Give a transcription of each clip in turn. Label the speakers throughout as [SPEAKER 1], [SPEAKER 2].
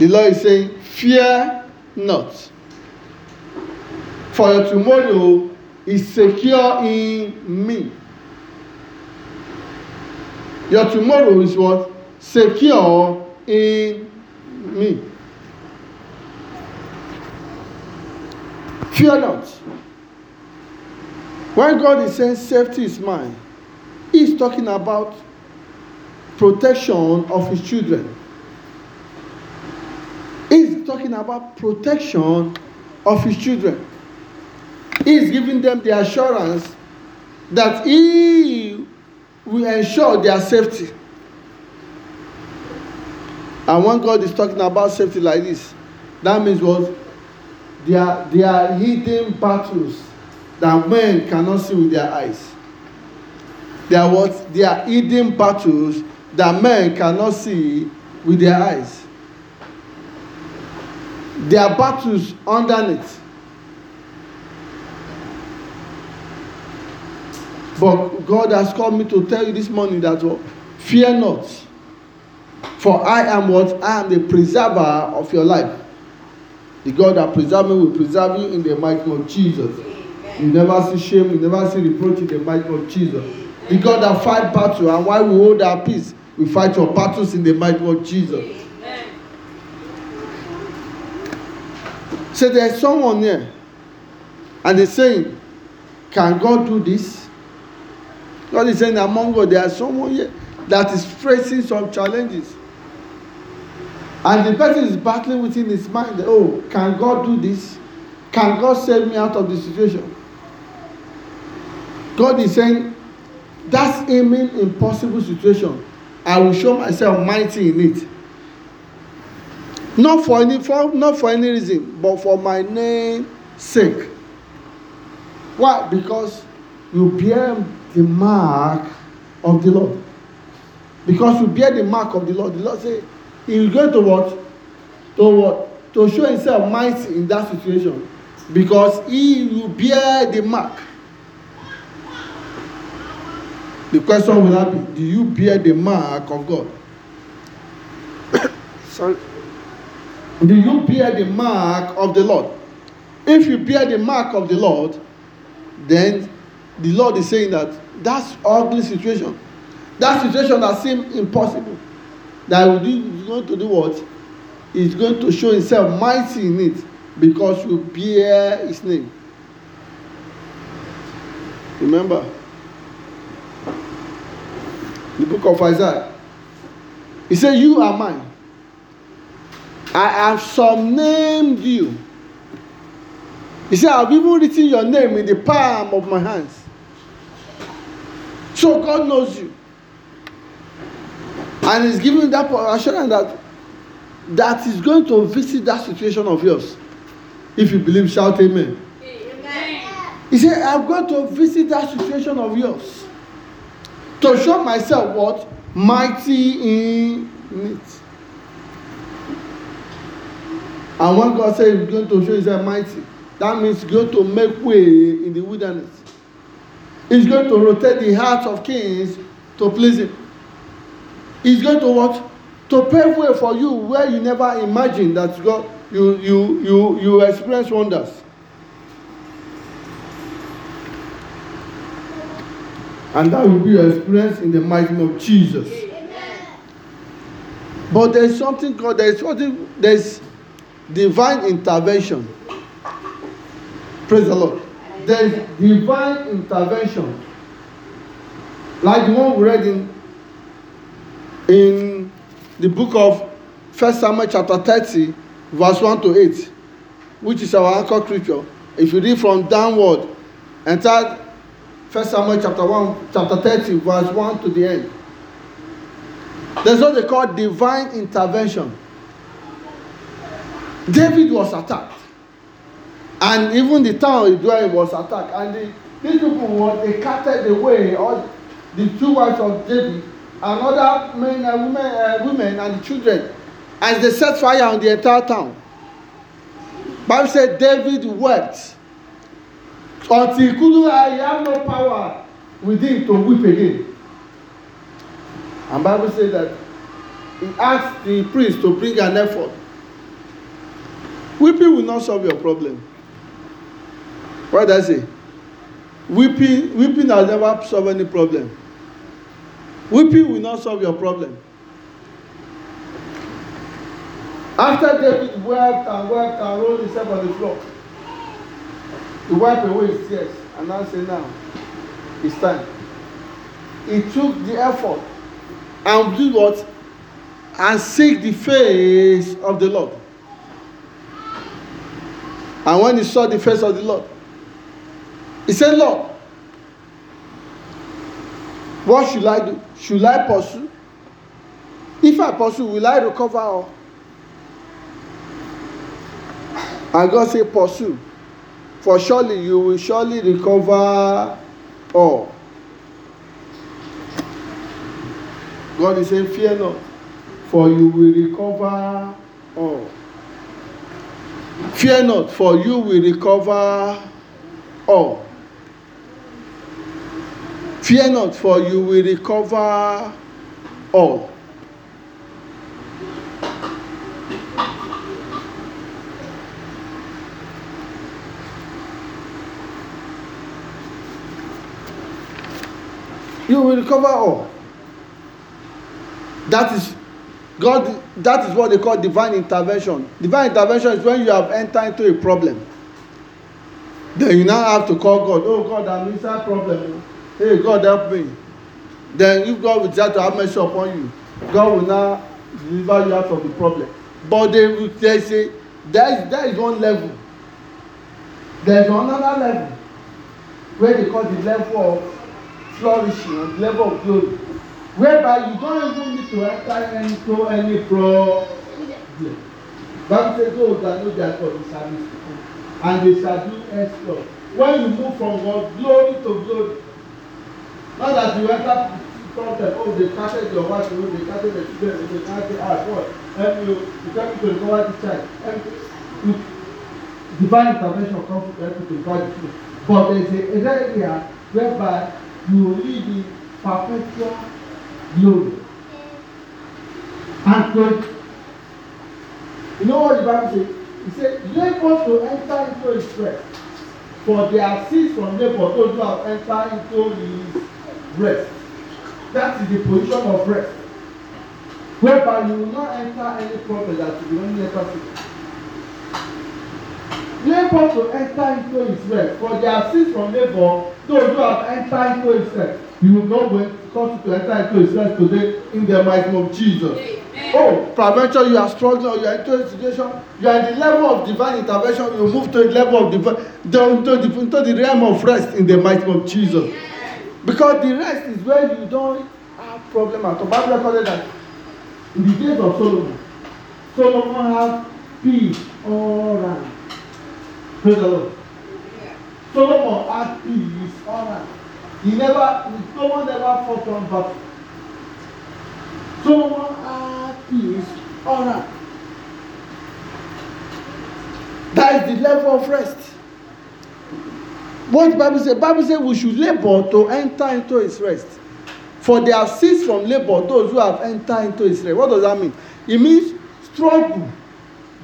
[SPEAKER 1] The Lord is saying, Fear not, for your tomorrow is secure in me. Your tomorrow is what? Secure in me. Fear not. When God is saying safety is mine, He's talking about protection of His children. He's talking about protection of his children. He's giving them the assurance that he will ensure their safety. And when God is talking about safety like this, that means what? They are, they are hidden battles that men cannot see with their eyes. They are what? They are hidden battles that men cannot see with their eyes. Their are battles underneath. But God has called me to tell you this morning that well, oh, fear not. For I am what? I am the preserver of your life. The God that preserves me will preserve you in the might of Jesus. Amen. You never see shame, you never see reproach in the might of Jesus. Amen. The God that fight battle and while we hold our peace, we fight your battles in the might of Jesus. Amen. So there's someone here, and they're saying, Can God do this? God is saying, Among us, there is someone here that is facing some challenges. And the person is battling within his mind, Oh, can God do this? Can God save me out of this situation? God is saying, That's aiming impossible situation. I will show myself mighty in it not for any for not for any reason but for my name sake why because you bear the mark of the lord because you bear the mark of the lord the lord say he will go to what to what to show himself might in that situation because he will bear the mark the question will now be do you bear the mark of god sorry Do you bear the mark of the Lord? If you bear the mark of the Lord, then the Lord is saying that that's ugly situation. That situation that seems impossible. That will do, is going to do what? Is going to show himself mighty in it because you bear his name. Remember, the book of Isaiah. He said, You are mine I have surnamed you. He said, I've even written your name in the palm of my hands. So God knows you. And He's giving that assurance that that is going to visit that situation of yours. If you believe, shout amen. amen. He said, I'm going to visit that situation of yours to show myself what? Mighty in it. And when God said He's going to show His mighty, that means He's going to make way in the wilderness. He's going to rotate the hearts of kings to please Him. He's going to what? To pave way for you where you never imagined that God you you you you experience wonders. And that will be your experience in the mighty name of Jesus. Amen. But there's something God, there's something, there's divine intervention. Praise the Lord. There is divine intervention. Like the one we read in, in the book of First Samuel chapter 30, verse 1 to 8, which is our anchor scripture. If you read from downward, enter First Samuel chapter 1, chapter 30, verse 1 to the end. There's what they call divine intervention. David was attacked. And even the town of Israel was attacked. And the, these people were they carted away all the two wives of David and other men and uh, women, uh, women and children as they set fire on the entire town. Bible said David wept until he couldn't I have no power within to weep again. And Bible said that he asked the priest to bring an effort Weeping will not solve your problem. What did I say? Weeping, weeping has never solved any problem. Weeping will not solve your problem. After David wept and wept and rolled himself on the floor, he wiped away his tears and now say now it's time. He took the effort and did what? And seek the face of the Lord. And when he saw the face of the Lord, he said, Lord, what should I do? Should I pursue? If I pursue, will I recover all? And God said, Pursue, for surely you will surely recover all. God is saying, Fear not, for you will recover all. Fear not, for you will recover all. Fear not, for you will recover all. You will recover all. That is God, that is what they call divine intervention. Divine intervention is when you have entered into a problem. Then you now have to call God. Oh God, I'm inside problem. Hey God, help me. Then if God will decide to have mercy upon you, God will now deliver you out of the problem. But they will they say there is there is one level. There is another level where they call the level of flourishing, the level of glory whereby you don't even need to enter to any fraud there. Bible says those that know their God is service people and they shall do exploit. When you move from God glory to glory, not that you enter problem oh they started your wife oh they started the children oh they started ah God help oh, you you help me to recover this church, and me divine intervention comes to help you to recover but there is a area whereby you live in perpetual glory. And so, you know what the Bible says? He said, labor to enter into his rest. For there are seeds from labor those who have entered into his rest. That is the position of rest. Whereby you will not enter any problem that you will only enter through. Labor to enter into his rest. For there are seeds from labor those who have entered into his rest. You will know when come to enter into his rest today in the mighty name of Jesus. Oh, prevention, you are struggling, you are into a situation, you are in the level of divine intervention, you move to a level of divine, down to the, into the realm of rest in the mighty name of Jesus. Because the rest is where you don't have problem at all. Bible recorded that in the days of Solomon, Solomon had peace all around. Praise the Lord. Solomon had peace all around. He never, someone never fought one battle. Someone had his honor. That is the level of rest. What Bible says? Bible says we should labor to enter into his rest. For they have ceased from labor those who have entered into his rest. What does that mean? It means struggle.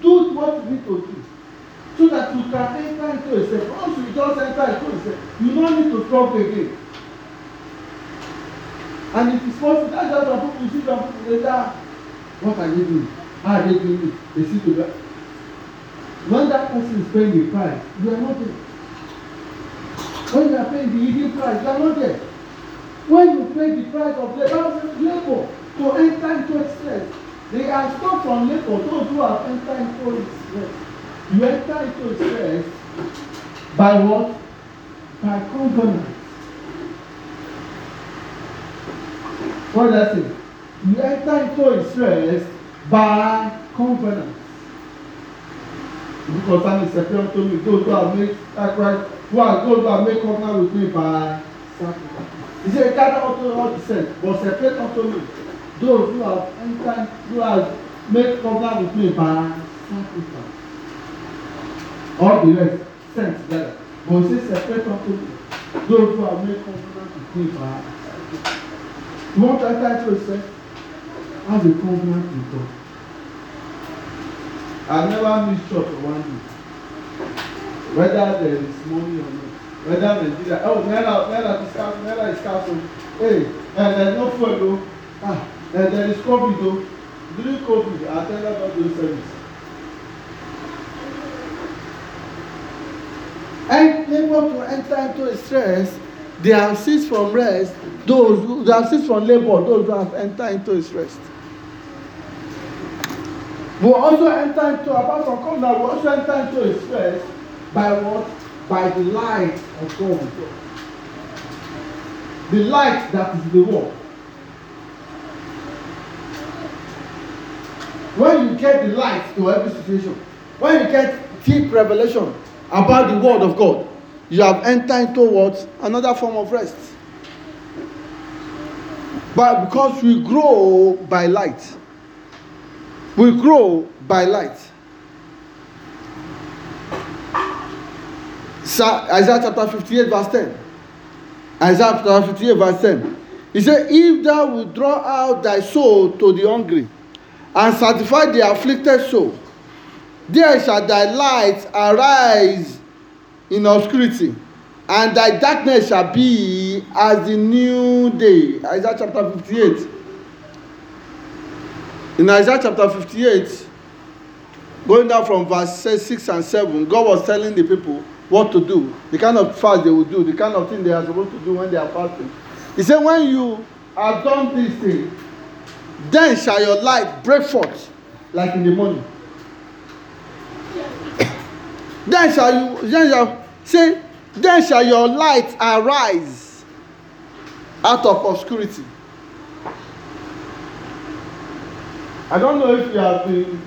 [SPEAKER 1] Do what you need to do so that you can enter into yourself. Once you just enter into yourself, you no need to struggle again and if it's possible that's just some people you see some people later what are they doing how are they doing it they see the well when that person is paying the price you are not there when you are paying the hidden price you are not there when you pay the price of labour labour to enter into excess they are stopped from labour those who have entered into excess you enter into excess by what by covenant Brothers, you enter into his rest by covenant. Because I'm second to me, those who have made sacrifice, who are those who have made covenant with me by sacrifice. He said, gather unto all the saints, but separate unto me those who have entered, who have made covenant with me by sacrifice. All the rest, saints gather. But he said, separate unto me those who have made covenant with me by sacrifice. Montre à ta yourself. Have a covenant with God. I never miss church one day. Whether there is money or not. Whether Nigeria, oh, Naira, Naira is castle, Naira is castle. Oh. Hey, and there's no food though. Ah, and there is COVID though. During COVID, I attended about those service. And they want to enter into a stress they have ceased from rest those who they have ceased from labor those who have entered into his rest we also enter into apart from covenant we also enter into his rest by what by the light of God the light that is the world when you get the light to every situation when you get deep revelation about the word of God you have entered into what another form of rest but because we grow by light we grow by light isaiah chapter 58 verse 10 isaiah chapter 58 verse 10 he said if thou wilt draw out thy soul to the hungry and satisfy the afflicted soul there shall thy light arise in obscurity and thy darkness shall be as the new day isaiah chapter fifty-eight in isaiah chapter fifty-eight going down from verse six and seven god was telling the people what to do the kind of fast they would do the kind of thing they are supposed to do when they are fasting he said when you have done this thing then shall your light break forth like in the morning then shall you then shall say then shall your light arise out of obscurity i don't know if you have been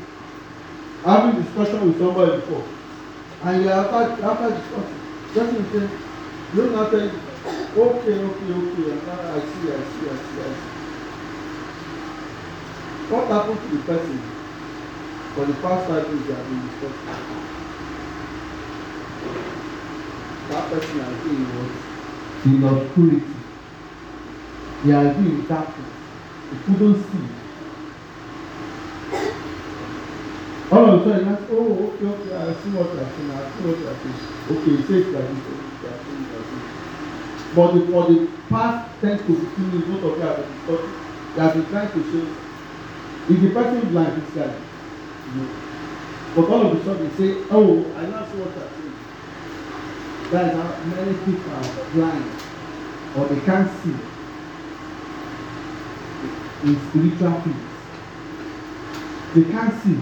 [SPEAKER 1] having discussion with somebody before and you have had after discussion person say you na tell you okay okay okay i see i see i see i see what happen to the person for the past five years they have been discussing. That person I think was in obscurity. He had been in darkness. He couldn't see. All of a sudden, that's, oh, okay, okay, I see what you are saying, I see what you are saying. Okay, he says that this, okay, I But the, for the past 10 to 15 minutes, both of you have been discussing, they have been trying to show if the person blind this guy, you But all of a sudden, he say, oh, I now see what I That's many people are blind or they can't see in spiritual things. They can't see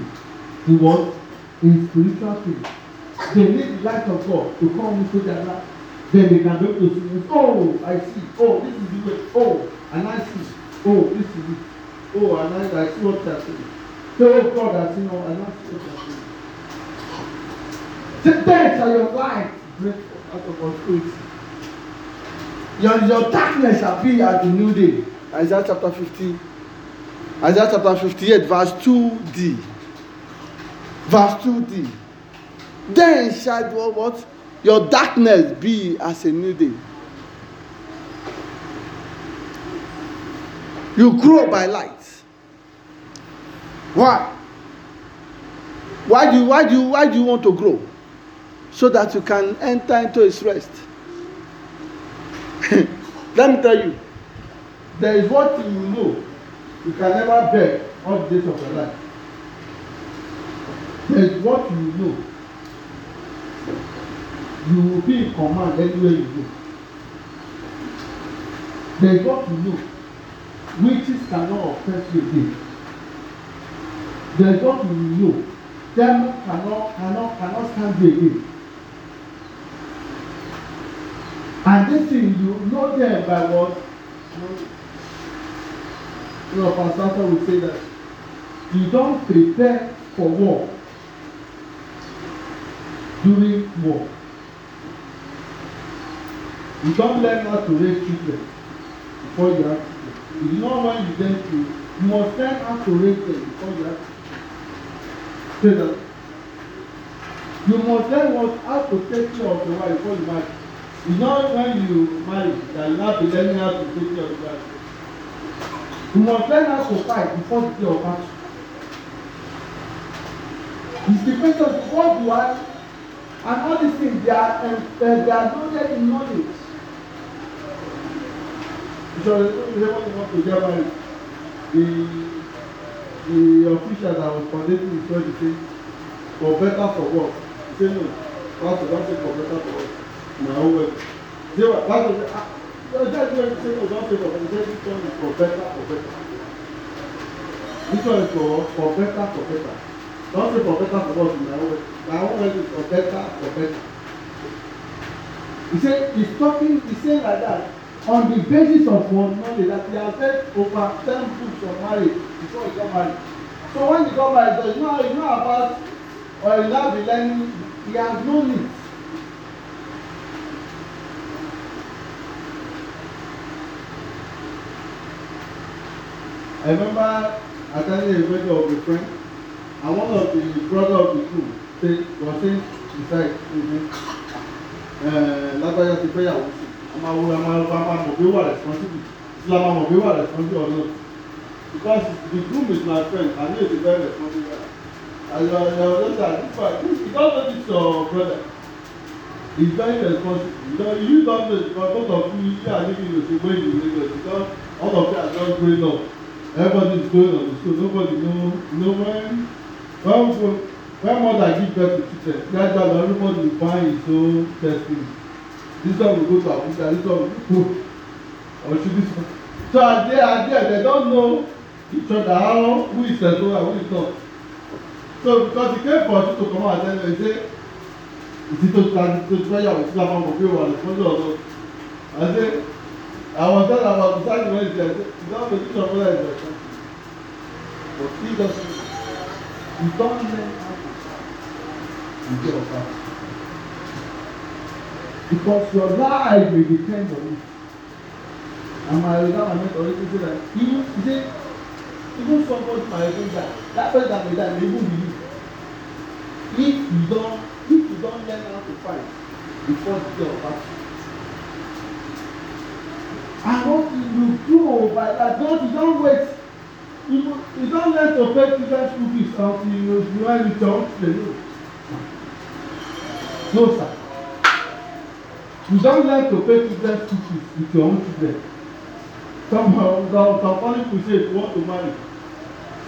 [SPEAKER 1] the world in spiritual things. They need the light of God to come into their life. Then they can look to see, oh, I see, oh, this is the way, oh, and I see, oh, this is it, oh, and I, I see what they are saying. So, oh God, I see, no, I see what they are saying. The days of your life out of God's Your, your darkness shall be as the new day. Isaiah chapter 50. Isaiah chapter 58, verse 2d. Verse 2d. Then shall your, what? Your darkness be as a new day. You grow by light. Why? Why do you, why do you, why do you want to grow? so that you can enter into his rest. Let me tell you, there is what you know you can never bear all the days of your life. There is what you know you will be in command anywhere you go. There is what you know witches cannot oppress you again. There is what you know demons cannot cannot cannot stand you again. And this thing you know them by what? You know, Pastor Santa say that you don't prepare for war during war. You don't learn how to raise children before you have children. You know when you get to you must learn how to raise them before you have children. Say that. You must learn what how to take care of the wife before you marry. It's not when you marry that you have to learn how to take care of yourself. You must learn how to fight before the day of battle. It's the question of what you are and all these things they are uh, they are not loaded in knowledge. So you know what want to get married. The the official that was coordinating the church say for better for work. He said no, pastor don say for better for work na owe zero why go dey ah just do anything you don favour but you say this one is for better for better this one is for for better for better don say for better for us na owe is for better he said, he talking he saying like that on the basis of one knowledge that he has said over ten books of marriage before he got married so when he got married so you know you about or you now be learning he has no need I remember attending a wedding of a friend, and one of the brother of the crew say, was saying beside me, eh, lágbájá ti fẹ́ yàwó sí i, a máa wo a máa bá máa mọ̀ bí wà responsible, sí la máa mọ̀ bí wà responsible or not. Because the groom is my friend, and he is a very responsible guy. And your your daughter, this one, this you don't know this your brother. He's very responsible. You you don't know because both of you, you are living in the same way in Lagos because all of you are just growing up. Everybody is going on the school. Nobody know, know when. When, when mother give birth to children, that's why everybody will find his own testing. This one will go to Abuja, this one will go. Or should this one? So at there, at there, they don't know each other how, long? who is the son and who is not. So because he came for you to come out and tell you, he said, ìdí tó ta tó fẹ́ yàwó sí àwọn ọmọ bí wà lọ́dọ̀ ọ̀dọ̀ àti àwọn sẹ́lẹ̀ àwọn àbúsáàdì rẹ̀ jẹ́ ìdáwọ̀ tó ti sọ fún ẹ̀ jẹ́ But previously, you don't learn how to get Because your life will depend on it. And my elder man already say that even he say even somebody my own that person that may die may even be you. If you don't, if you don't learn how to fight before the day of battle. And what you do by that God you don wait you, you don't learn to pay children school fees until you realize you don't pay no no sir you don't learn to pay children school fees with your own children some the some family crusade want to marry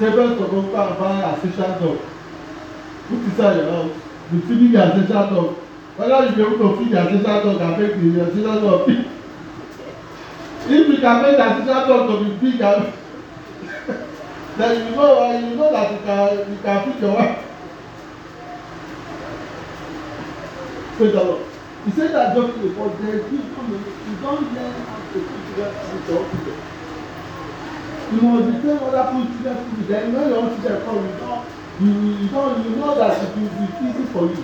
[SPEAKER 1] several suppose go and buy ancestral dog put inside your house you feed your ancestral dog whether you be able to feed your ancestral dog and make the ancestral dog big if you can make the ancestral dog to be big and then you know uh, you know that you can you can feed your wife. Praise the Lord. He said that jokingly, but there you people you don't learn how to feed your with your people. You must be trained other people to their food. Then when your own children come, you don't you, you don't you know that it will be easy for you.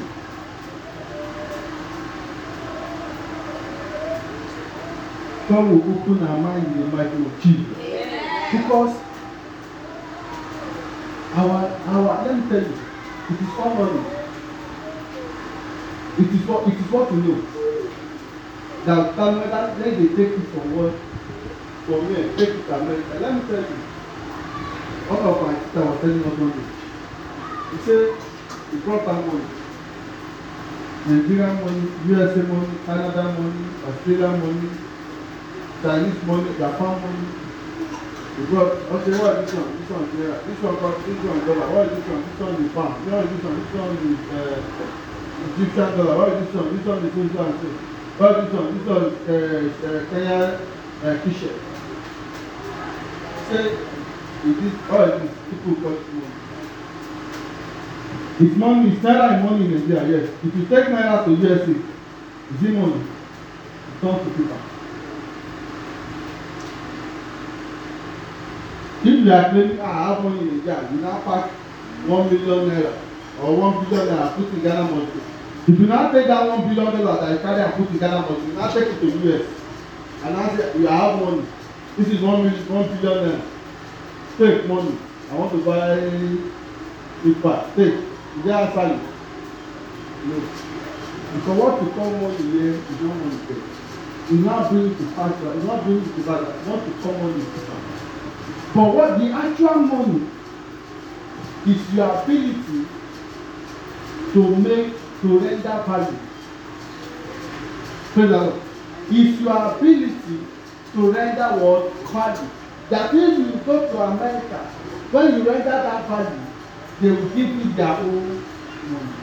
[SPEAKER 1] God will open our mind in the mighty of Jesus. Because Our, our, let me tell you, it is all money. It is what, it is what we know. That, that, that, let they take it from what, from here, take it to America. Let me tell you, one of my sister was telling us one day. He said, he brought her money. Nigeria money, USA money, Canada money, Australia money, Chinese money, Japan money. Because this one, this one there, this one cost, this one dollar, why this one, this one is pound, why this one, this one is uh, Egyptian dollar, why this one, this one is England, why this one, this one uh, uh Kenya uh, T-shirt. Say, it is all these people cost money. It's money, it's naira in money in Nigeria, yes. If you take naira to USA, it's money. Don't not to people. if you are claiming ah how much you dey get you now pack one million naira or one billion naira put in ghana money if you now take that one billion naira that you carry and put in ghana money you now take it to us and now say you have money this is one million one billion naira take money i want to buy ipa take you dey answer you no because what you call money here is not money there you now bring it to factor you now bring to factor what you call money is But what the actual money is your ability to make to render value. Praise the Is your ability to render what value. That means you go to America, when you render that value, they will give you their own money.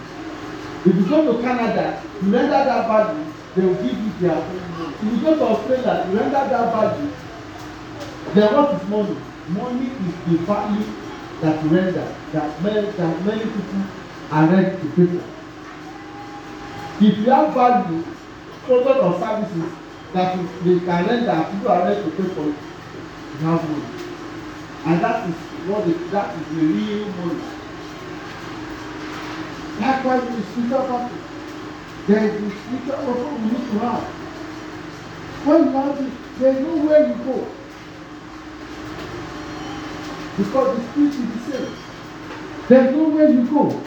[SPEAKER 1] If you go to Canada, you render that value, they will give you their own money. If you go to Australia, you render that value, they want is money? money is the value that render that many that many people are ready to pay for if you have value product or services that is can render people are ready to pay for it you have money and that is what the that is the real money likewise with spiritual practice there is the spiritual also we need to have when you have it there is no way you go because the spirit is the same. There's nowhere you go.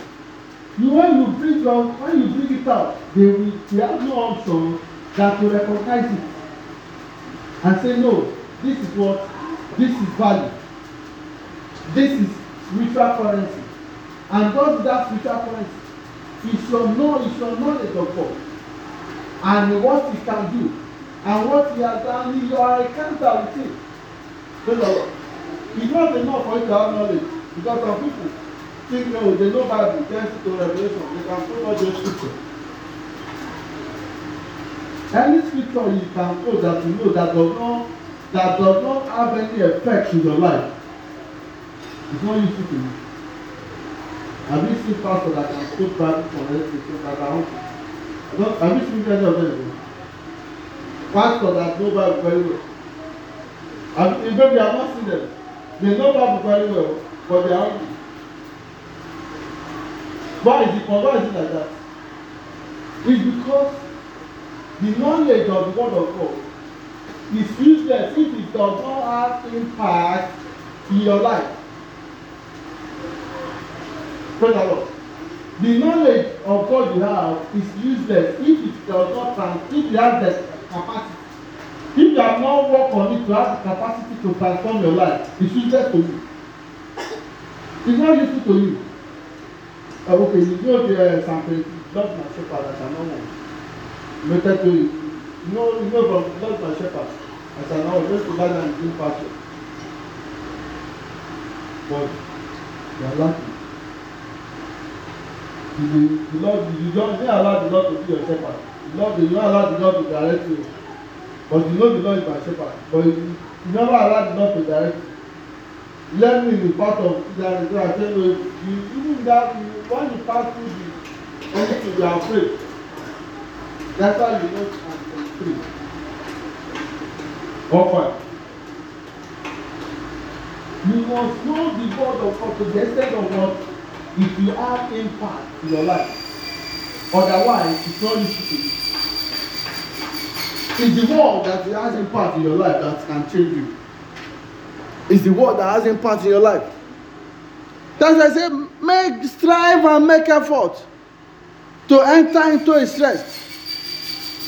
[SPEAKER 1] You when you bring your when you bring it out, they will they have no option than to recognize it and say no, this is what this is value. This is spiritual currency. And God that spiritual currency it's your know it's your knowledge of God and what he can do and what he has done you are a counter with him. So, It's not enough for you to have knowledge because some people think no, they know Bible, thanks to revelation, they can quote all those scriptures. Any scripture you can quote that you know that does not that does not have any effect in your life. It's not useful to you. Have you seen pastors that can quote Bible for revelation that I want to? have you seen any of them? Pastors that know Bible very well. And maybe I have not seen them. They know Bible very well, but they are ugly. Why is it? Why is it like that? It's because the knowledge of the word of God is useless if it does not have impact in your life. Praise the Lord. The knowledge of God you have is useless if it does not transmit the capacity if you have not worked on it to have the capacity to transform your life it's useless to you it's not useful to you uh, okay you know the uh, sample lord my shepherd as i know one related to it you know you know from lord my shepherd as i know one just to buy and do pasture but you are lucky. you dey the lord you don you don allow the lord to be your shepherd the lord you don allow the lord to direct you. But you know the Lord is my shepherd. But you never allow the Lord to direct you. Learning is part of that. I tell you, you even that you, when you pass through the only to be afraid. That's why you know and free. One point. You must know the word of God to the extent of what if you have impact in your life. Otherwise, it's not useful to you. It's the word that has impact in your life that can change you. It's the word that has impact in your life. That's why I say, make strive and make effort to enter into his rest.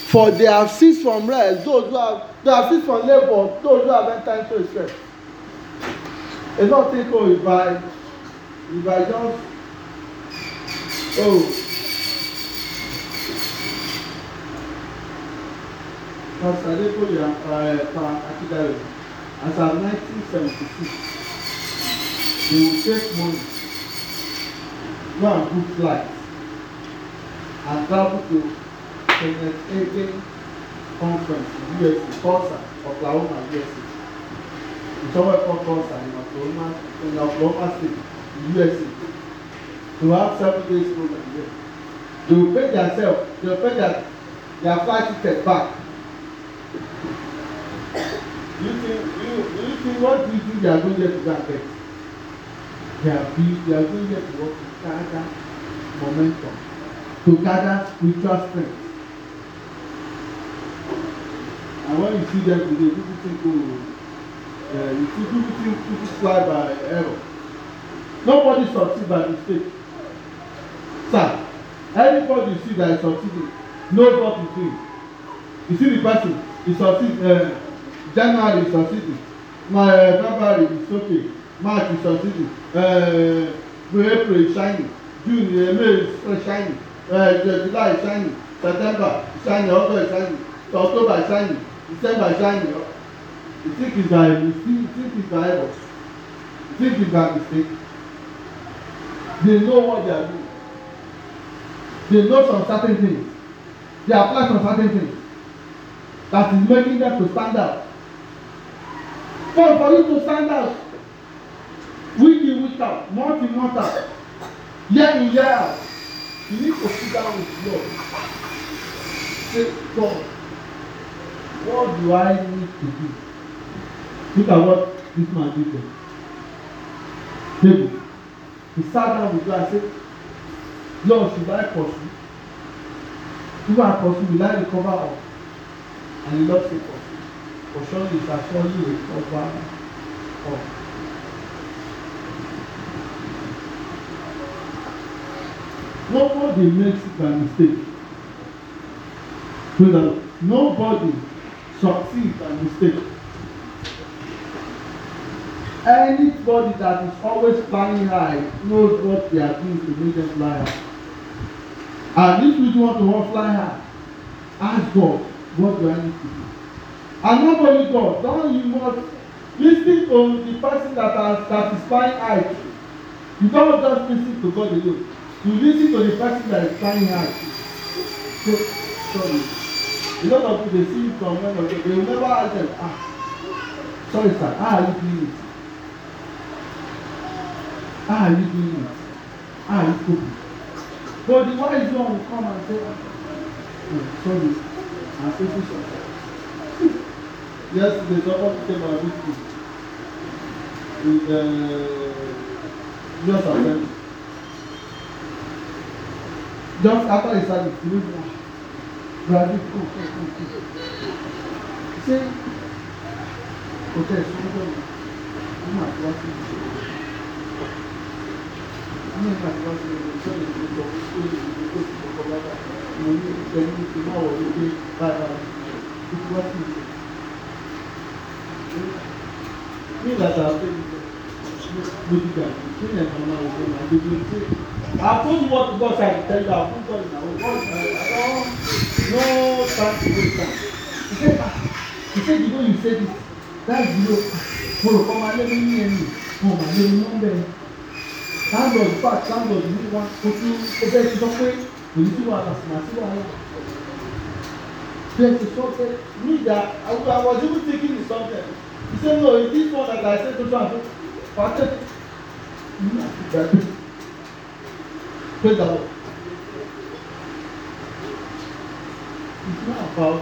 [SPEAKER 1] For they have ceased from rest, those who have they have ceased from labor, those who have entered into his rest. It's not think, oh, if I if I just oh Pastor Adekoya eh, Pa Akidare, as of 1976, they would take money, go and good flights, and travel to the Kenneth Conference in the USA, Tulsa, Oklahoma, USA. Ìjọba ẹ̀kọ́ Tulsa in Oklahoma, in Oklahoma State, USA, to have seven days program there. They will pay their they will pay their, their flight ticket back. So what do do? They are going there to go and get. They are big. They are going there to work to gather momentum, to gather spiritual strength. And when you see them today, people think, oh, yeah, you see people think people fly by error. Nobody succeeds by mistake. Sir, anybody you see that is succeeding knows what he's doing. You see the person, he succeeds. uh, he succeeds my eh, february is okay march is succeeding uh, eh, april is shining june uh, may is shining uh, july is shining september is shining august is shining october is shining december is shining you think it's by you think it's by error you think it's by mistake they know what they are doing they know some certain things they apply some certain things that is making them to stand out for for you to stand out week in week out month in month out year in year out you need to sit down with God say God what do I need to do look at what this man did for me David he sat down with God and say Lord should I pursue if I pursue will I recover all and he lost it all for Nobody makes a mistake. So that nobody succeeds by mistake. Anybody that is always flying high knows what they are doing to make them fly high. And if you don't want to fly high, ask God, what do I need to do? And not only God, now you must listen to the person that are satisfying eyes. You don't just listen to God alone. You listen to the person that is trying hard. So, sorry. A lot of people they see it from when they will never ask them, ah, sorry sir, how are you doing it? How are you doing it? How are you coping? But the wise one come and say, ah, oh, sorry, I'm facing something. Yesterday, someone came and beat me with uh, just assembly. Just after his service, he went back. Graduate, oh, oh, oh, oh. He said, okay, somebody, I'm not watching this. ní ìgbà tí wọ́n ti lè sọ èyí tó lọ sí èyí tó ti kọ́kọ́ bá bá mo ní ìfẹ́ ní ìfẹ́ máa wọ̀ lóde báyìí báyìí tó ti wá sí nígbà tá a pé gbogbo gbà kí ni ẹ̀ka máa wò fún mi àgbègbè tí I put what God I tell you I put God in our God I don no time to waste time he say ah he say the way you say this that video mo rò kọ́ máa lé ní ẹ̀mí mo máa lé ní nọ́mbẹ̀ landlord back landlord ní wa o tún o bẹ́ẹ̀ ti sọ pé èyí tí wàá kàsìmà sí wàá yàtọ̀. bẹ́ẹ̀ ti sọ pé nígbà I was even thinking the subject. He said, No, it's this one that I said to transfer. Father, praise the Lord. It's not about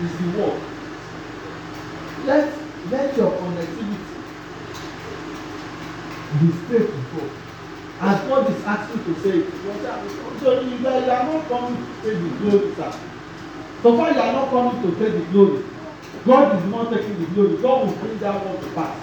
[SPEAKER 1] it's the work. Let let your connectivity be straight before. As God is asking to say, so you guys are not coming to say the glory, sir. So far, you are not coming to take the glory. God is not taking the glory. God will bring that one to pass.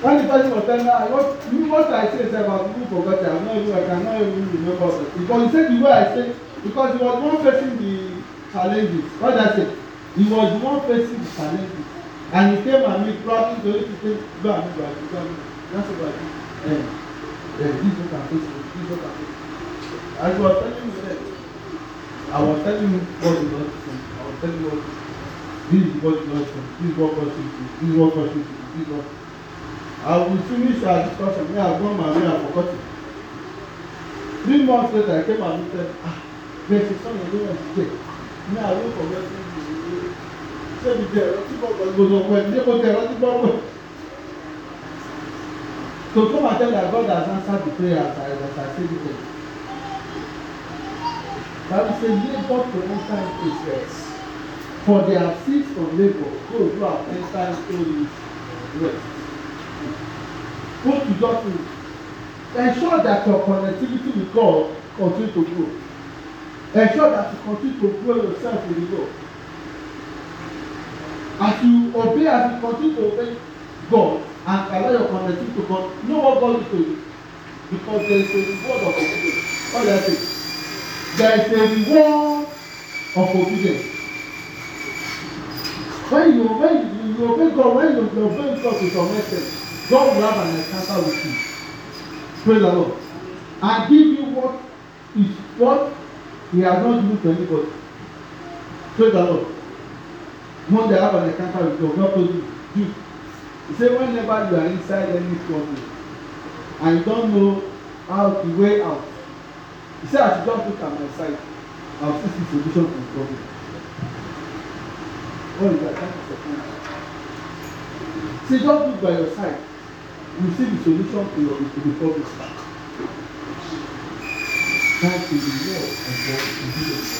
[SPEAKER 1] When the person was telling me, what, what I say is about people forgot I'm not even, I cannot even remember that. Because he said the way I say, because he was not facing the challenges. What I say, he was the facing the challenges. And he came and me probably the only thing go and do that. That's what I did. Eh, eh, and then this one can face it, this one can face it. As he was telling me that, eh, I was telling you what is not true. I was telling you what this is what is not true. This is what constitutes. This is what constitutes. This is what. I will finish our discussion. Me, I've gone my way. I forgot it. Three months later, I came and said, ah, there is some agreement today. Me, I don't forget it. Ṣé mi jẹ́ ẹ̀rọ tí bọ́ọ̀bù gbogbo ọ̀pọ̀ ẹ̀ ṣé mo jẹ́ ẹ̀rọ tí bọ́ọ̀bù? So come and tell that God has answered the prayer as I as I said it. Bible says, labor to enter into his rest. For they are seeds of labor, those who have entered into his rest. What to just do? Ensure that your connectivity with God continue to grow. Ensure that you continue to grow yourself with Lord. As you obey, as you continue to obey God and allow your connectivity to God, know what God is doing. Because there is a reward of obedience. All that is there is a reward of obedience. When you when you, you obey God, when you, you obey God with your message, God will have an encounter with you. Praise the Lord. I give you what is what He has not given to anybody. Praise the Lord. When they have an encounter with God, God told you, do. He said, whenever you are inside any trouble and you don't know how to way out, He said, I should just look at my side. I'll see the solution to the problem. What is that? That is the point. See, just look by your side. You see the solution to, your, to the problem. That is the law of God to do it.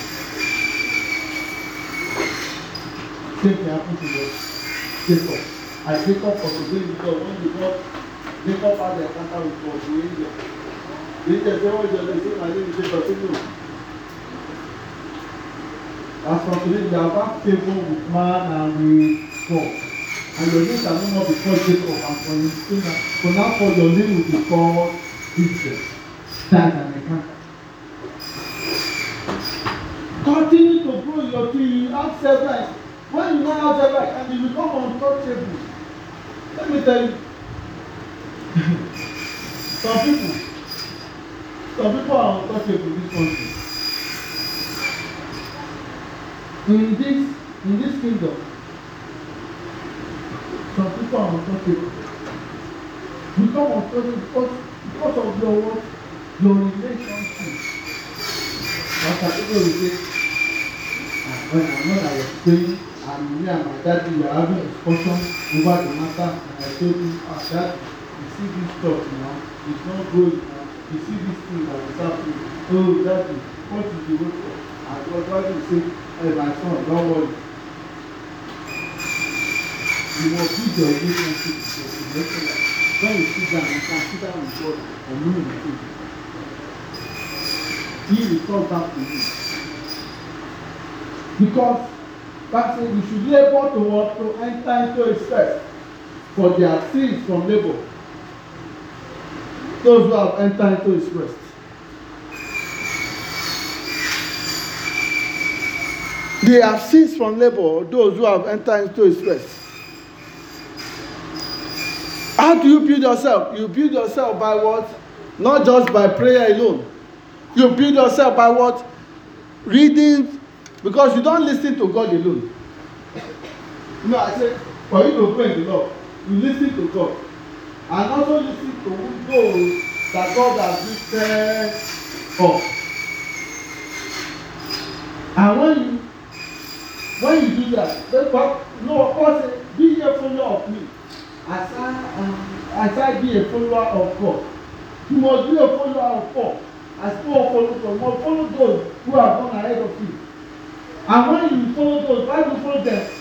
[SPEAKER 1] Same thing happened to God. Jacob. And Jacob was obeying God when the God, Jacob had the encounter with God, the angel. يتزوج الذين عليه ببطنه As for today, we are back favored with man and with God. And your names are no more before Jacob and for his sinner. For now, for your name will be called Israel. Stand and encounter. Continue to grow your tree. have several. When you don't have several, and you become untouchable. Let me tell you. Some people. Some people are untouchable in this country. In this in this kingdom, some people are untouchable. come untouchable because because of your work, your relationship. But some people will say, ah I know that you're praying and me and my daddy were having a discussion over the matter and I told him ah dad you see this talk now it's not going you see this thing that is happening oh daddy what did you wait for and your daddy say hey my son don't worry you must do your relationship with your relationship when you sit down you can sit down with God and know your faith he will come back to you because that's say you should labour to work to enter into his rest for their sins from labour those who have entered into his rest. They have ceased from labor, those who have entered into his rest. How do you build yourself? You build yourself by what? Not just by prayer alone. You build yourself by what? Reading, because you don't listen to God alone. No, I say, for you to pray the Lord, you listen to God and also you listen to those that God has lifted for. And when you when you do that, then God no God say be a follower of me as I am as I be a follower of God. You must be a follower of God as Paul follow God. You must follow those who have gone ahead of you. And when you follow those, why do you follow them?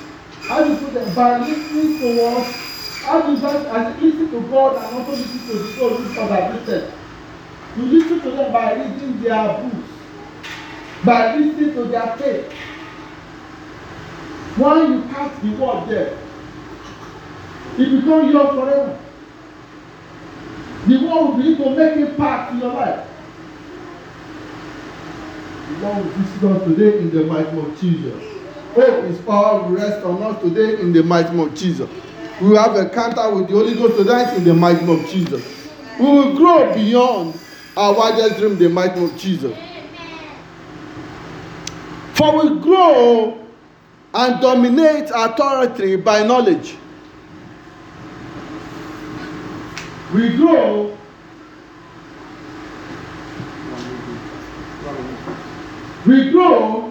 [SPEAKER 1] How do you follow them? By listening to what How you that as easy to God and also easy to the soul which are vibrated? You listen to them by reading their books, by listening to their faith. When you pass the word there? It becomes yours forever. The word will begin to make it part in your life. The Lord will visit us today in the mighty of Jesus. Hope is power rest on us today in the mighty of Jesus. We will have encounter with the Holy Ghost tonight in the mighty name of Jesus. We will grow beyond our wildest dream in the mighty name of Jesus. For we grow and dominate authority by knowledge. We grow we grow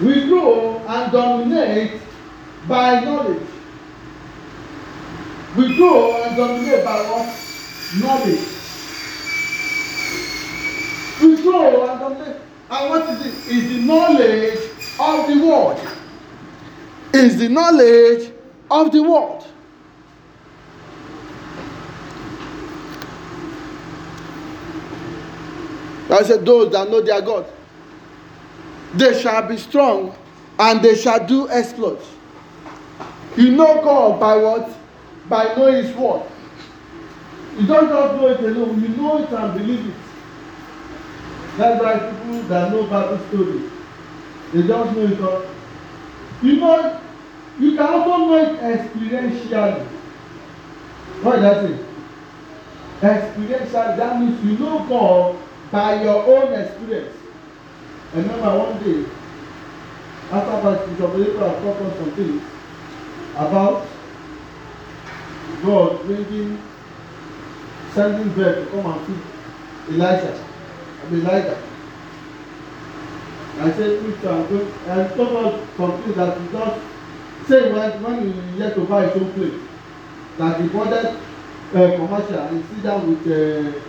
[SPEAKER 1] we grow and dominate by knowledge we grow and dominate by what knowledge we grow and dominate and what is it is the knowledge of the world is the knowledge of the world I said those that know their God They shall be strong and they shall do exploits. You know God by what? By knowing His word. You don't just know it alone, you know it and believe it. That's why people that know Bible story, they don't know it all. You know, you can also know it experientially. What does it? Experientially, that means you know God by your own experience. I remember one day, after that, Bishop Abel had taught us some things about God bringing, sending bread to come and feed Elijah. I um, mean, Elijah. I said, Preacher, I'm going, and told us some things that he just say when, when you get to buy his place, that he boarded uh, commercial and sit down with uh,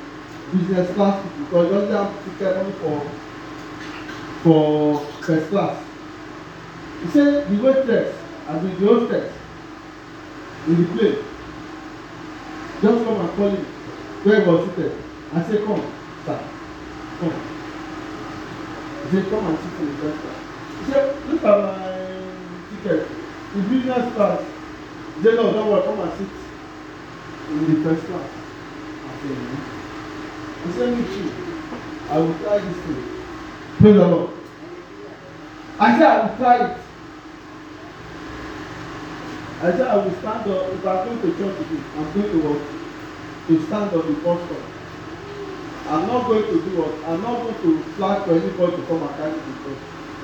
[SPEAKER 1] business class because he doesn't have ticket money for for first class. He said the waitress has been the hostess in the plane. Just come and call him where he was seated. I say come, sir, come. He said come and sit in the first class. He said look at my ticket. The business class. He said no, don't worry, come and sit in the first class. I said no. He said me too. I will try this thing. Praise the Lord. I said I will fight. I said I will stand up. If I'm going to church today, I'm going to work. To stand up before God. I'm not going to do what? I'm not going to flag for anybody to come and carry me before.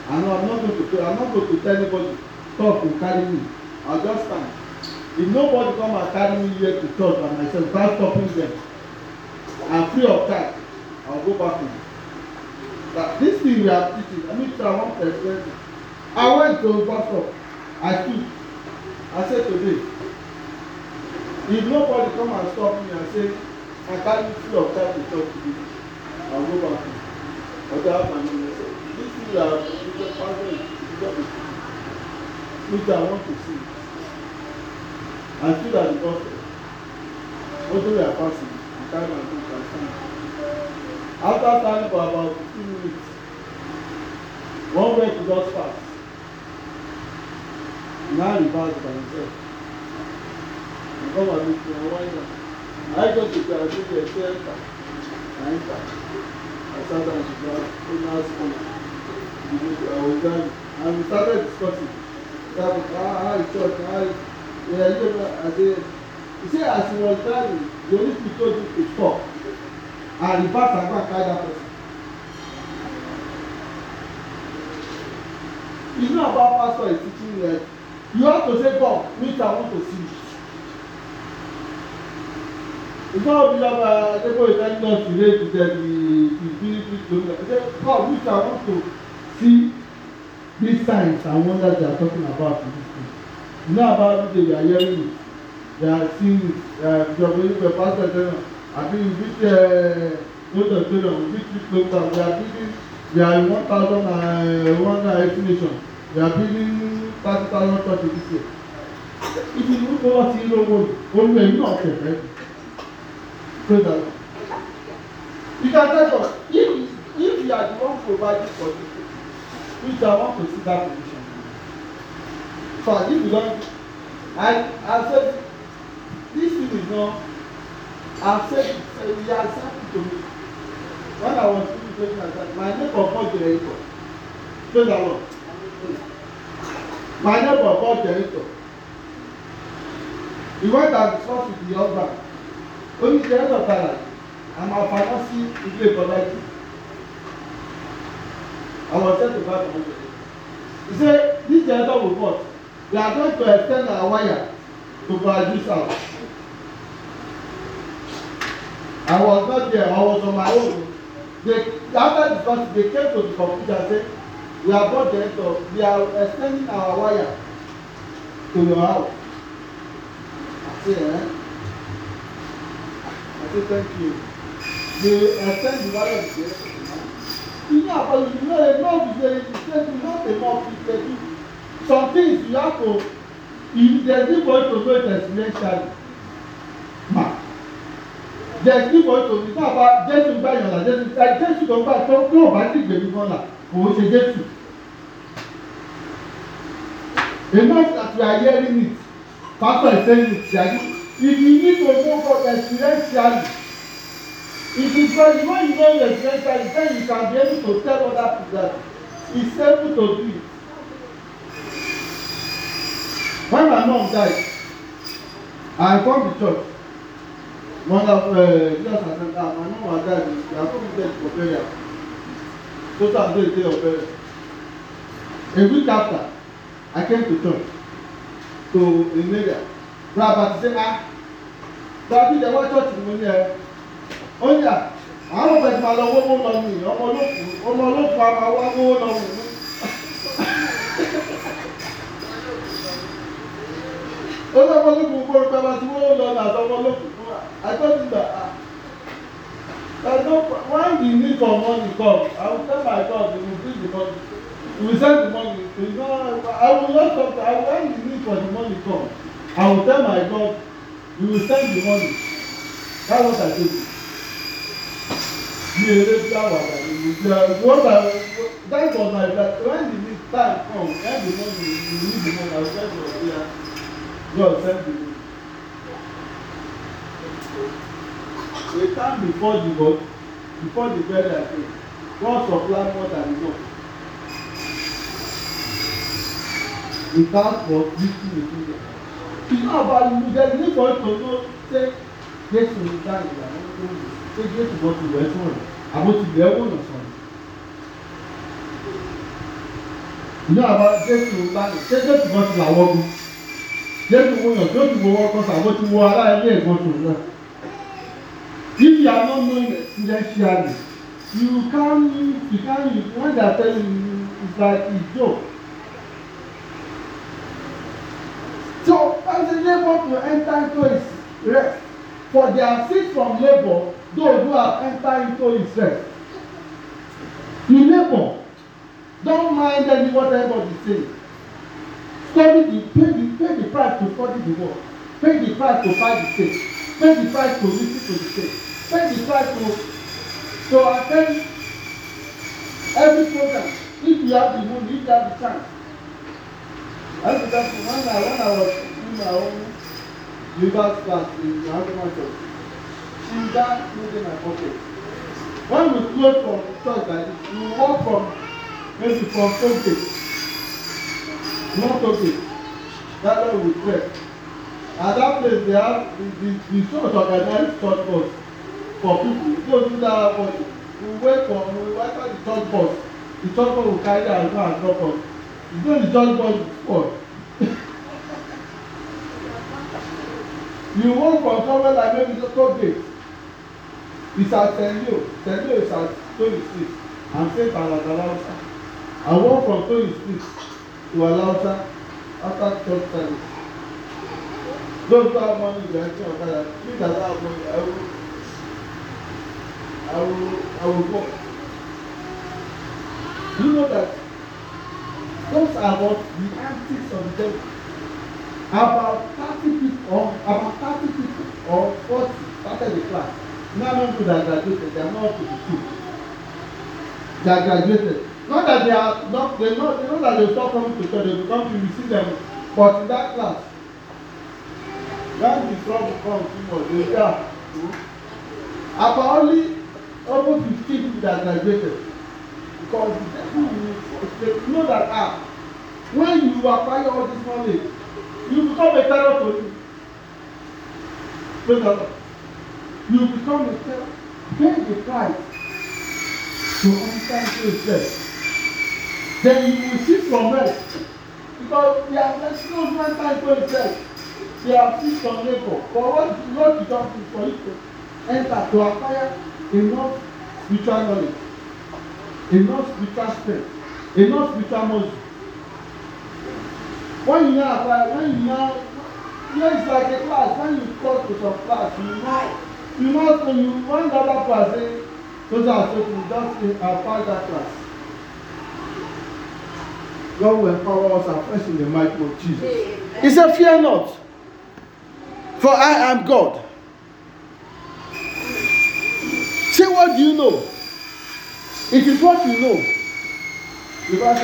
[SPEAKER 1] I know I'm not going to I'm not going to tell anybody, stop to carry me. I'll just stand. If nobody come and carry me here to church by myself, without stopping them, I'm free of charge. I'll go back to that this thing we are teaching i mean to our one person i went to pastor i took i say today if nobody come and stop me and say i carry full of time to talk to you I'll go back home oga have my name say this thing we are teaching pastor is which i want to see i feel that the gospel although we are passing i can't my book and After standing for about two minutes, one way to just pass. Now reverse by himself. And come and look for why not? I just try to the center. I enter. I sat down to grab owner's corner. I was done. And we started discussing. That was, ah, I talk. ah, ah yeah, you know, I said, he said, as he was driving, the only thing he told him is stop and revert and go and carry that person. It's not about pastor is teaching that you have to say God which I want to see It's not about uh, they go thank God today to tell the people to say God which I want to see these signs and wonders they are talking about in this thing. It's not about every day they are hearing it. They are seeing it. Uh, they are observing the pastor àbí ibi tẹ lọ́dọ̀ eh, tó lọ ibi tí tó gbà wí ní yà one thousand eh, and one naira estimation yà bí ní thirty thousand thirty six years. ibi ní kókó wá sí ilé owó olú ẹ̀yìn náà kò fẹ́ pé dàgbà. ìdájọ́ if if you are the one provide for the which i see that position so if you don i i say this thing is not. I said, he accepted to me. When I was preaching like that, my neighbor called Jericho. Praise the Lord. My neighbor called Jericho. He went and discussed with the husband. Only Jericho said, I'm a pharmacy in the community. I was sent to buy from Jericho. He said, this Jericho will what? They are going to extend our wire to Brazil out." I was not there, I was on my own. They, after discussing, they came to the computer and said, we are about to. end we are extending our wire to your house. I say, eh? I say, thank you. They extend the wire to the house. You know, but you know, enough is a mistake, you know, enough is a mistake. Some things you have to, if there's no way to do it experientially jẹ́ kí wọ́n tòbí tá a bá jésù gbà yàn là jésù gbà eh, jésù tó gbà tó tó bá ti gbèmí kan là òun ṣe jésù. enough that we are hearing it pastor is saying it yagi if you need to know God experientially if you go you know you know you experientially then you can be able to tell other people that it's able to do it when my mom die I come to church one of uh, just as an time, my mom was dead. They are coming dead for burial. Total day day of burial. A week after, I came to church to an area where about to say, ah, Daddy, they were church in Munia. Oh yeah, àwọn ọmọ ẹ̀sìn àlọ́ owó lọ mí ọmọ olókùn ọmọ olókùn àmà wá owó lọ mí. olókùn olókùn kó o pẹ́ bá ti wó lọ nà àtọmọ olókùn. I told him that ah there's no when the need for money come I will tell my God he will bring the money he will send the money he no I will not talk to him when you need for the money come I will tell my God he will send the money that's what I tell you mi ere bí àwọn àgbà mi ìgbà what that was my plan when the need time come when the money you need the money I will send you a prayer God send the money. a time before the what before the weather came God supply more than enough without for meeting the children e no about you there is need for you to know say Jésù ní báyìí àwọn tó ń lò ṣé Jésù bọ́ ti wẹ̀ fún rẹ̀ àwọn ti lẹ̀ wọ̀nà fún rẹ̀ ìyá àbá Jésù báyìí to the bọ́ ti làwọ́ gun Jésù wọ̀nyàn Jésù wọ̀ wọ́n kọ́sà àwọn ti wọ aláìlé ẹ̀gbọ́n tòun náà. If you are not knowing experientially, you can you can you when they are telling you it's like a joke. So as a labour to enter into his rest, for their are from labour, those who have entered into his rest. the labour, don't mind any whatever anybody say. Study the pay the pay the price to study the work, pay the price to fight the state spend the time to lis ten to the faith spend the time to to at ten d every program if you have the money if you have the time i be tell you when i when i was in my own yoga class in mahaduma church children no dey my pocket when we close from church like this we walk from maybe from toke Not toke that way we pray at that place they have the the the church organize church bus for people go do that for we wait for we wait for the church bus the church bus will carry am go and drop us you know the church bus for you walk from somewhere like maybe toto gate it's at senyo senyo is at toyi street and say balagala i walk from toyi street to alausa after church service Those that money you are actually on fire, me that that money, I will, I will, I you know that those are what the antics of the devil? About thirty people, or about thirty people, or forty started the class. Now none people that graduated, they are not to the two. They are graduated. Not that they are not, they know, they know that they stop coming to church, they become come to receive them, but in that class, when the trouble come people dey shout about only over fifty people that graduated because the people dey know that ah when you acquire all this money, you become a terror to me wait a minute you become a terror pay the price to enter those debts then you will see from rest because their national mental health well they are still some labour but what what you don do for you to enter to acquire enough spiritual knowledge enough spiritual strength enough spiritual muscle when you now acquire uh, when you now here is like a class when you come to some class you know you know so you one gather class say those are so cool just say i class God will empower us afresh in the might of Jesus. He said, Fear not. For I am God. Say, what do you know? It is what you know. It's what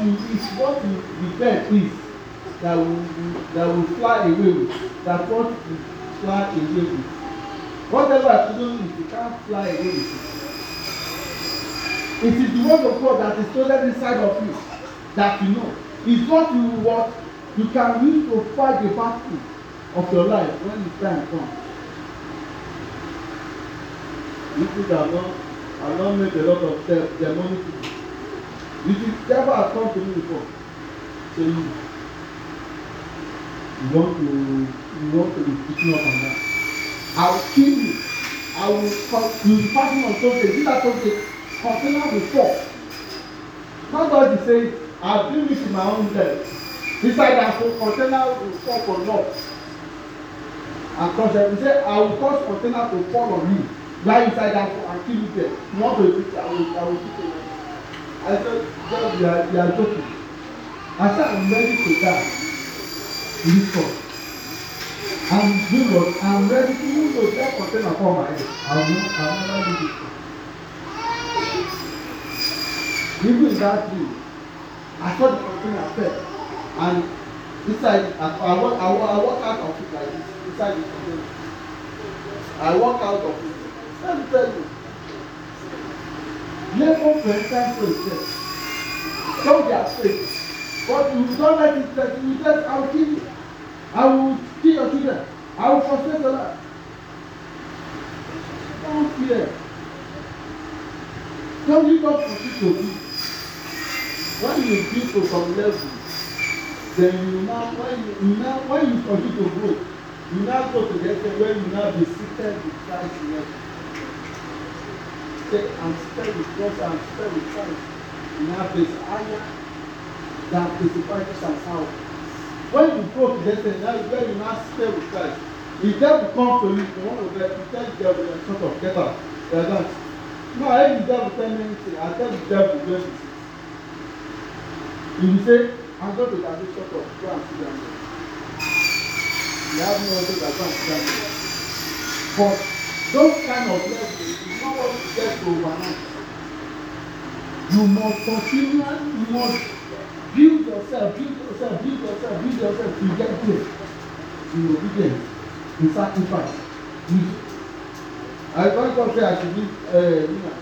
[SPEAKER 1] you, it's what you depend. with that will, that will fly away with. That what you fly away with. Whatever you don't know, you can't fly away with. It is the word of God that is stored inside of you that you know. It's what you what you can use to fight the battle of your life when the time comes. People that don have don make a lot of step their money to do. You should never have come to me before. Say you you want to you want to be picking up on that. I will kill you. I will you be passing on something. This na something container will fall. Not God is saying, I do this in my own death inside that container will fall from love and conscience eh, he say i will cause container to fall on me, lie inside that and kill you there you to repeat i will i will kill you i say just you are you are joking i say i'm ready to die in this talk i'm doing what i'm ready to even though that container fall my head i will i will never do this You even in that dream i saw the container fell and inside I, I walk I walk I walk out of it like this inside the container I walk out of it let me tell you labour for time for yourself show their faith but you don't let it take you just I will kill you I will kill your children I will frustrate your life don't fear don't give up for people when you build to some level then you now when you now when you continue to grow you now go to the extent where you now be seated with Christ in heaven say and seated with Christ and seated with Christ you now be higher than principalities and how? when you grow to the extent that where you now seated with Christ if devil come to you you wan obey you tell the devil you sort of get out like that no i hate the devil tell me anything i tell the devil where he you be say and God would have been shut up go you have no other than go and but those kind of lessons you no want to get to overnight you must continue you must build yourself build yourself build yourself build yourself to get there in obedience in sacrifice in i don talk say i should be. uh, you know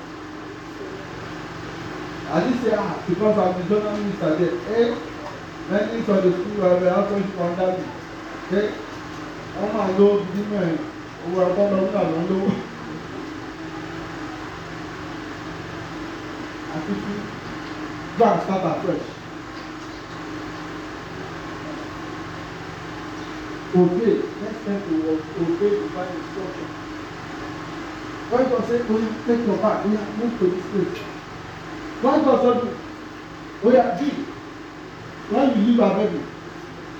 [SPEAKER 1] i just say ah because I'm the general minister there eh many for the school were also wondered pé wọ́n máa lo nínú ẹ̀ owó ọgbọ́n lọ́wọ́ náà ló ń àti fi go and start afresh. next time to obey divine instruction. When God say oya take your bag oya move to this place. Why God so do oya do it. When you leave Abedi,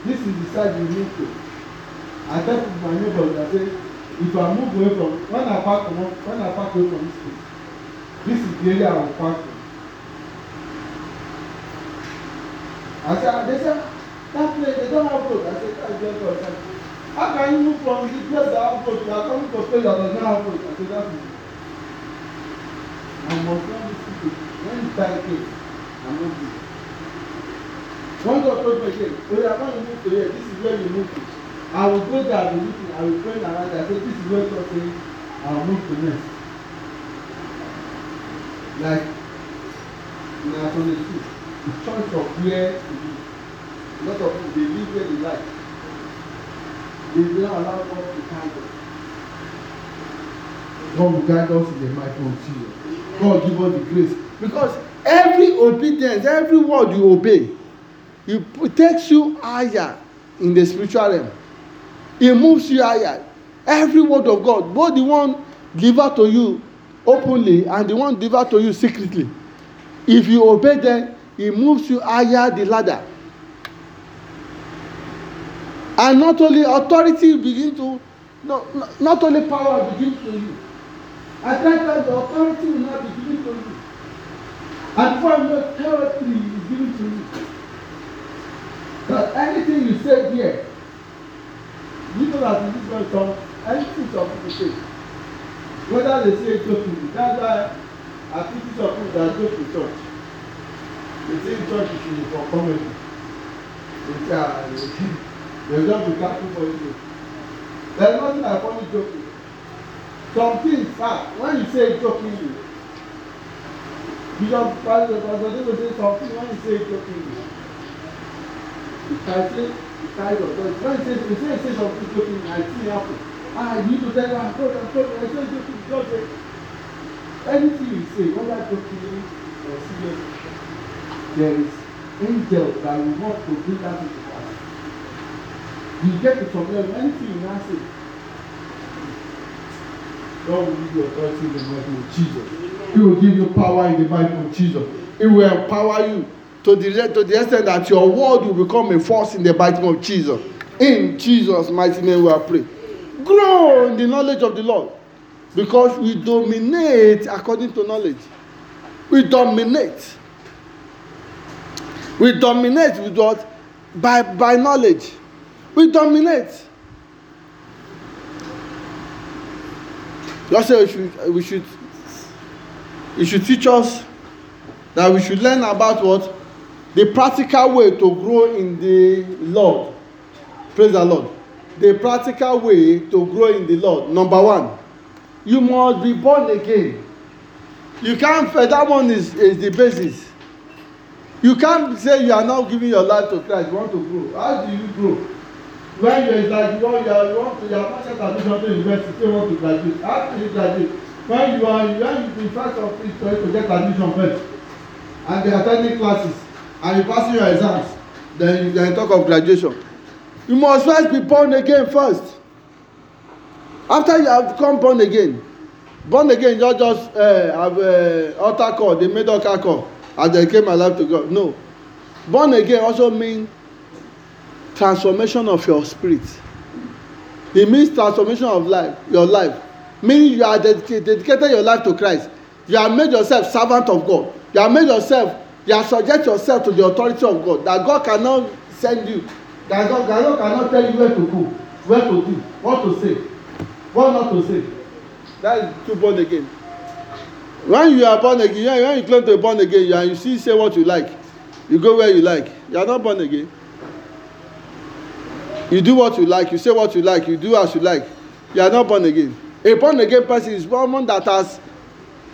[SPEAKER 1] this is the side you need to. I with my neighbors that say, if I move away from, when I park, when I park away from this place, this is the area I will park from. I said, they said, that place, they have road. I How can you move from the place that have road? You are coming to a place that does not have road. I said, that's I must be stupid. When time came, When God told me again, oh yeah, want to move to here, this is where you move to. I will go there, I will look, I will pray around there. I say, this is where God saying, I will move to next. Like, na from the school, the choice of where to live. A lot of people, they live where they like. They will not allow God to guide them. God will guide us in the mighty name of God give us the grace. Because every obedience, every word you obey, it takes you higher in the spiritual realm it moves you higher every word of god both the one delivered to you openly and the one delivered to you secretly if you obey them it moves you higher the ladder and not only authority begin to no, no not only power begin to you I that time the authority will not be given to you and power theoretically is given to you But anything you say here, you know that in this very tongue, anything some people say, whether they say joking, that's why I think it's some people that joke to church. They say church is for comedy. They say, ah, they they just be careful for you. There's nothing I call funny joking. Some things are, ah, when you say joking, you don't find the pastor, they go say something when you say jokingly you say you carry your when you say you say you say something joking na it happen ah need to tell am so am so am so joking just anything you say whether joking or there is angel that you want to bring that to pass you get it from them anything you say God will give you authority in the name of Jesus. He will give you power in the mighty name of Jesus. He will empower you to the, to the extent that your word will become a force in the biting of Jesus. In Jesus' mighty name, we are praying. Grow in the knowledge of the Lord because we dominate according to knowledge. We dominate. We dominate with what? By, by knowledge. We dominate. Lord said we should, we should, we should teach us that we should learn about what? The practical way to grow in the Lord. Praise the Lord. The practical way to grow in the Lord. Number one, you must be born again. You can't, eh, that one is, is the basis. You can't say you are now giving your life to Christ. You want to grow. How do you grow? when you are like you want you are you want to you are passionate about something university You want to graduate how do you graduate when you are when you be in fact of it to get admission first and they at ten classes and you pass your exams then you then talk of graduation you must first be born again first after you have come born again born again you just uh, have uh, altar call they made altar call i dedicate my life to god no born again also mean transformation of your spirit it means transformation of life your life meaning you are dedicated dedicated your life to christ you have made yourself servant of god you have made yourself you are subject yourself to the authority of God that God cannot send you that God, that God cannot tell you where to go where to do what to say what not to say that is too born again when you are born again when you claim to be born again you are you still say what you like you go where you like you are not born again you do what you like you say what you like you do as you like you are not born again a born again person is one that has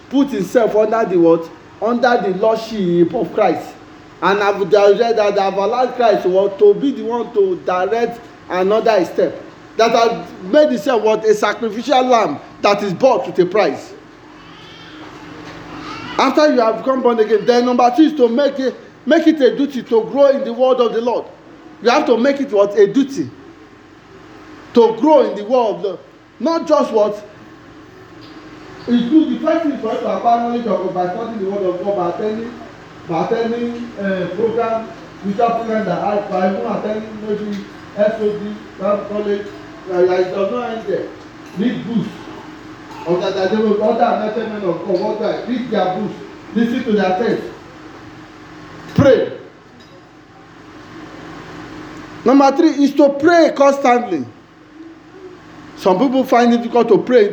[SPEAKER 1] put himself under the what under the lordship of Christ and have directed that have allowed Christ what, to be the one to direct another step that I made the same what a sacrificial lamb that is bought with a price after you have become born again then number two is to make it make it a duty to grow in the word of the lord you have to make it what a duty to grow in the word of the not just what It took the first thing for you to acquire knowledge of by studying the word of God by attending by attending uh, eh, program spiritual program that I by even attending maybe SOD Bible college like ya it does not end there read books ọ̀gàdà jẹ́wọ́ other method men of God wọ́n die read their books lis ten to their text pray. Number three is to pray constantly. Some people find it difficult to pray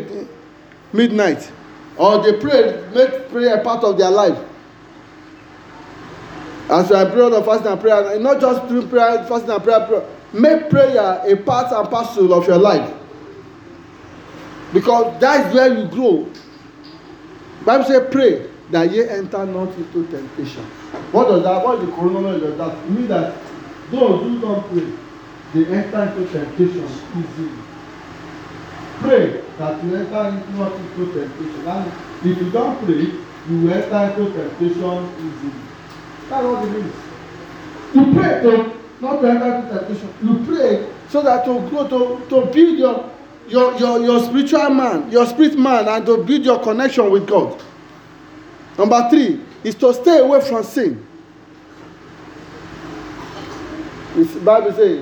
[SPEAKER 1] midnight or they pray make prayer part of their life as I pray, praying on fasting and prayer and not just doing prayer fasting and prayer, prayer make prayer a part and parcel of your life because that is where you grow bible say pray that ye enter not into temptation what does that what is the corona of that mean that those who don pray dey enter into temptation easily that you enter not into temptation and if you don pray you will enter into temptation easily that's what it means you pray to not to enter into temptation you pray so that to grow to to build your your your your spiritual man your spirit man and to build your connection with god number three is to stay away from sin it's bible say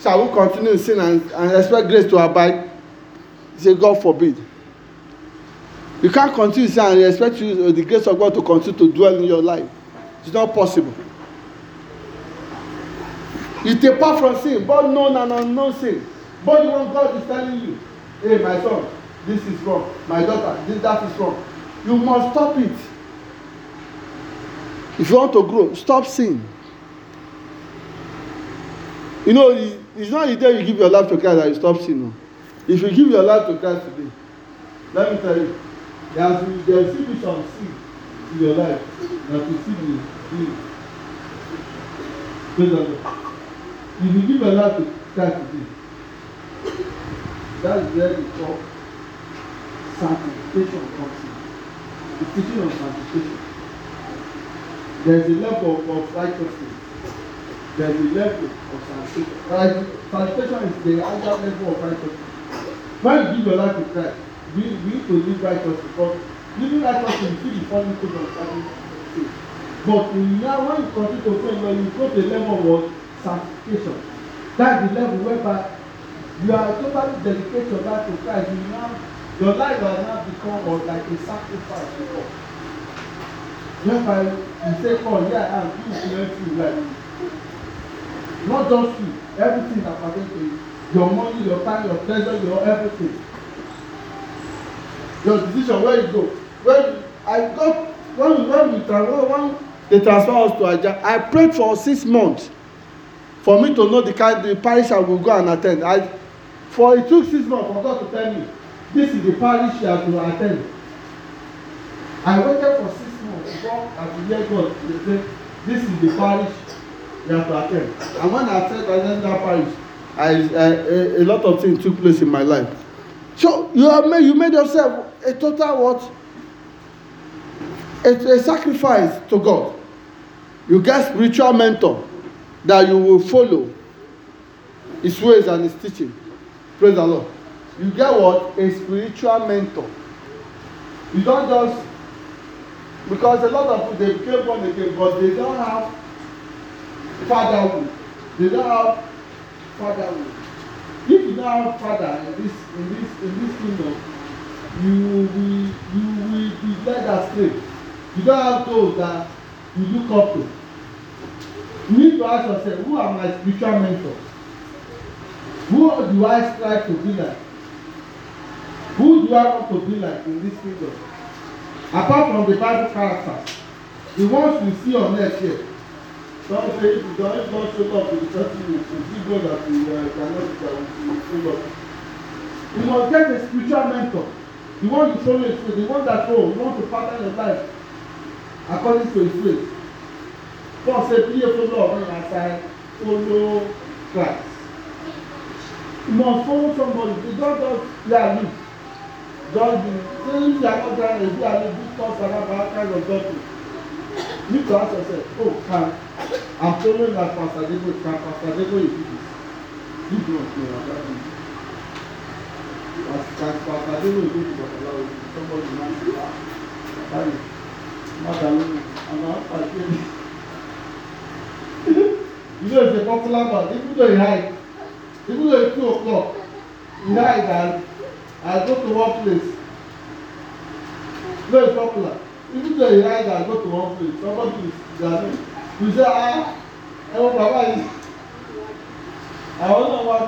[SPEAKER 1] shall we continue in sin and and expect grace to abide say God forbid. You can't continue say and expect you, the grace of God to continue to dwell in your life. It's not possible. It's apart from sin, both known and unknown sin. But the one God is telling you, hey, my son, this is wrong. My daughter, this, that is wrong. You must stop it. If you want to grow, stop sin. You know, it's not the day you give your life to God that you stop sinning. If you give your life to Christ today, let me tell you, there has there will be some seed in your life that will still be healed. Praise the If you give your life to Christ today, that is where we call sanctification comes in. The teaching of sanctification. There is a level of, of righteousness. There is a level of sanctification. Sanctification is the higher level of righteousness. When you give your life to Christ, we, we need to live righteous because living righteous is still the funny thing on Sunday. faith. But in now, when you continue to pray, when you go to the level of sanctification, that's the level whereby you are totally dedicated your life to Christ. You now, your life has now become or like a sacrifice to God. Whereby you say, Oh, yeah, I am doing everything like not just you, everything that pertains to you. Your money, your time, your treasure, your everything. Your decision where you go. When I got when when we travel when they transfer us to Ajah, I prayed for six months for me to know the kind the parish I will go and attend. I for it took six months for God to tell me this is the parish you have to attend. I waited for six months before I could hear God dey say this is the parish you have to attend. And when I said I attend that parish I, I, a, a lot of things took place in my life. So you have made, you made yourself a total what? A, a sacrifice to God. You get spiritual mentor that you will follow his ways and his teaching. Praise the Lord. You get what? A spiritual mentor. You don't just because a lot of people they came became born again, but they don't have fatherhood. They don't have father if you don't have father in this in this in this kingdom you will be you will be led astray you don't have those that you look up to you need to ask yourself who are my spiritual mentors who do I strive to be like who do I want to be like in this kingdom apart from the bible characters the ones we see on earth here Some say if you don't, if show up in 30 minutes, it's ego that you uh, cannot show up. You must get a spiritual mentor. The one you follow is The one that oh, you want to pattern your life according to his faith. Paul said, be a follower of him as I follow Christ. You must follow somebody. You don't just yeah, live. Just be. Say if you are not there, if you are living, because about kind of doctrine you need to ask yourself, oh, can I'm following like Pastor Debo, can Pastor Debo do this? You don't know about it. As can Pastor Debo do this, somebody might say, ah, that is not alone. I'm not You know, it's a popular man. Even though he hide, even though it's 2 o'clock, he hide and I go to one place. No, it's popular even though he rise and go to one place somebody is gathering you say ah ẹwọ bàbá yìí àwọn náà wá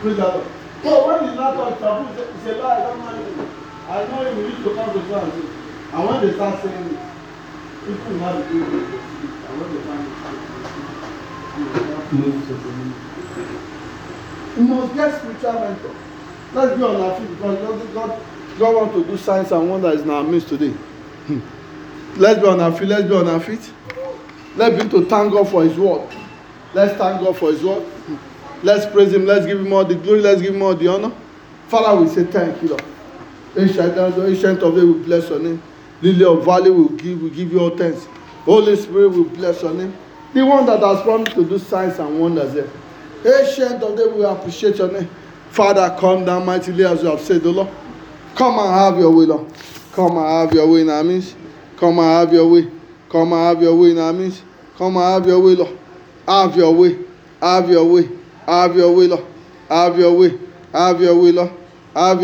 [SPEAKER 1] praise the lord so when he now travel? He say say ah, lie that man i know him reach to come to town say and when they start saying it people now dey go dey go see find it they go see it you must get spiritual mentor let's be on our feet because God God. God want to do signs and wonders in our midst today. Hmm. Let's be on our feet. Let's be on our feet. Let's be to thank God for His word. Let's thank God for His word. Hmm. Let's praise Him. Let's give Him all the glory. Let's give Him all the honor. Father, we say thank you, Lord. Ancient, ancient of day, we bless your name. Lily of Valley, we give, we give you all thanks. Holy Spirit, we bless your name. The one that has promised to do signs and wonders there. Ancient of day, we appreciate your name. Father, come down mightily as you have said, O Lord. Come and have your way, Lord. Come and have your way in our Come and have your way. Come and have your way in our Come and have your way, Lord. Have your way. Have your way. Have your way, Lord. Have your way. Have your way, Lord. Have your